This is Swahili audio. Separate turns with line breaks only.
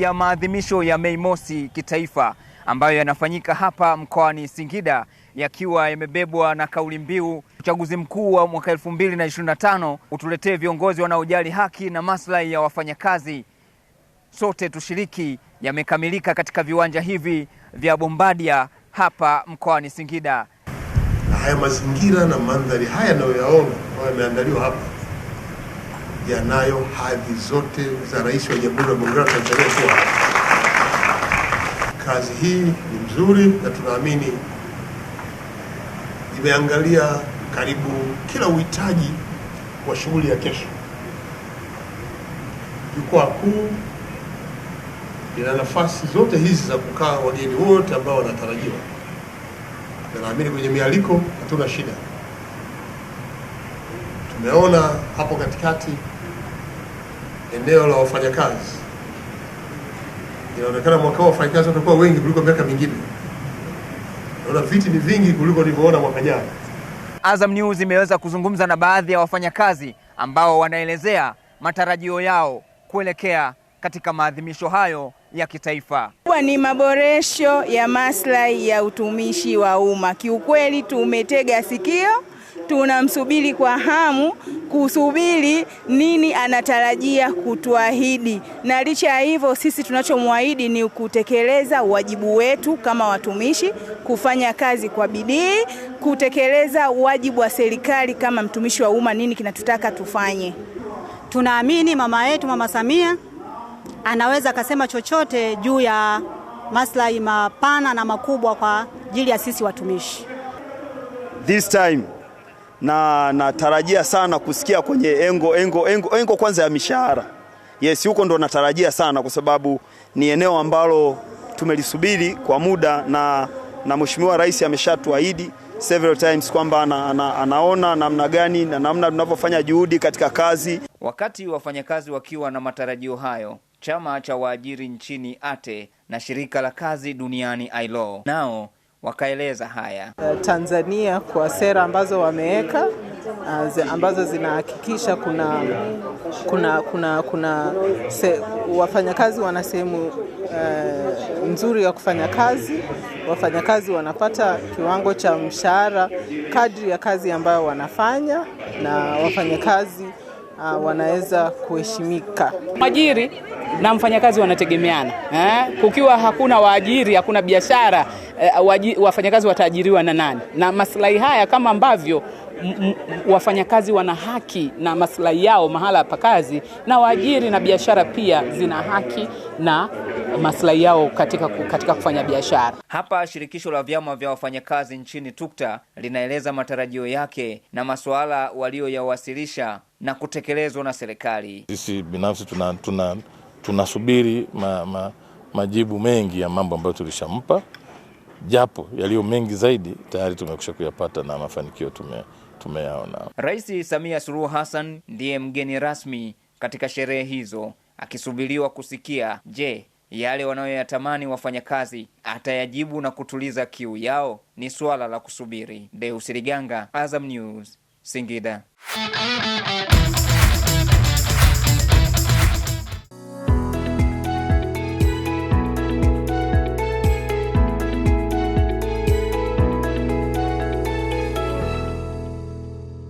ya maadhimisho ya Mei Mosi kitaifa ambayo yanafanyika hapa mkoani Singida yakiwa yamebebwa na kauli mbiu uchaguzi mkuu wa mwaka 2025 utuletee viongozi wanaojali haki na maslahi ya wafanyakazi, sote tushiriki, yamekamilika katika viwanja hivi vya Bombadia hapa mkoani Singida.
Na haya mazingira na mandhari haya yanayoyaona ambayo yameandaliwa hapa yanayo hadhi zote za rais wa Jamhuri ya Muungano wa Tanzania kuwa kazi hii ni mzuri na tunaamini imeangalia karibu kila uhitaji wa shughuli ya kesho. Jukwaa kuu ina nafasi zote hizi za kukaa wageni wote ambao wanatarajiwa, na naamini kwenye mialiko hatuna shida. Tumeona hapo katikati eneo la wafanyakazi inaonekana mwaka huu wafanyakazi watakuwa wengi kuliko miaka mingine. Naona viti ni vingi kuliko nilivyoona mwaka jana.
Azam News imeweza kuzungumza na baadhi ya wafanyakazi ambao wanaelezea matarajio yao kuelekea katika maadhimisho hayo ya kitaifa.
Kwa ni maboresho ya maslahi ya utumishi wa umma. Kiukweli tumetega sikio tunamsubiri kwa hamu kusubiri nini anatarajia kutuahidi, na licha ya hivyo, sisi tunachomwahidi ni kutekeleza wajibu wetu kama watumishi, kufanya kazi kwa bidii, kutekeleza wajibu wa serikali kama mtumishi wa umma, nini kinatutaka tufanye.
Tunaamini mama yetu, Mama Samia anaweza akasema chochote juu ya maslahi mapana na makubwa kwa ajili ya sisi watumishi.
This time na natarajia sana kusikia kwenye engo engo engo, engo kwanza ya mishahara. Yes, huko ndo natarajia sana kwa sababu ni eneo ambalo tumelisubiri kwa muda na, na Mheshimiwa Rais ameshatuahidi several times kwamba ana, ana, anaona namna gani na namna tunavyofanya juhudi katika kazi.
Wakati wafanyakazi wakiwa na matarajio hayo, chama cha waajiri nchini ATE na shirika la kazi duniani ILO nao wakaeleza haya.
Eh, Tanzania kwa sera ambazo wameweka eh, ambazo zinahakikisha kuna, kuna, kuna, kuna se, wafanyakazi wana sehemu uh, nzuri ya kufanya kazi. Wafanyakazi wanapata kiwango cha mshahara kadri ya kazi ambayo wanafanya na wafanyakazi uh, wanaweza kuheshimika.
Mwajiri na mfanyakazi wanategemeana eh? Kukiwa hakuna waajiri, hakuna biashara eh, wafanyakazi wataajiriwa na nani? Na maslahi haya kama ambavyo wafanyakazi wana haki na maslahi yao mahala pa kazi, na waajiri na biashara pia zina haki na maslahi yao katika, katika kufanya biashara.
Hapa shirikisho la vyama vya wafanyakazi nchini TUKTA linaeleza matarajio yake na masuala waliyoyawasilisha na kutekelezwa na serikali.
Sisi binafsi tunasubiri tuna, tuna ma, ma, majibu mengi ya mambo ambayo tulishampa, japo yaliyo mengi zaidi tayari tumekusha kuyapata na mafanikio tume, tumeyaona.
Rais Samia Suluhu Hassan ndiye mgeni rasmi katika sherehe hizo, akisubiriwa kusikia je, yale wanayoyatamani wafanyakazi atayajibu na kutuliza kiu yao? Ni swala la kusubiri. Deus Liganga, Azam News, Singida. Thank you.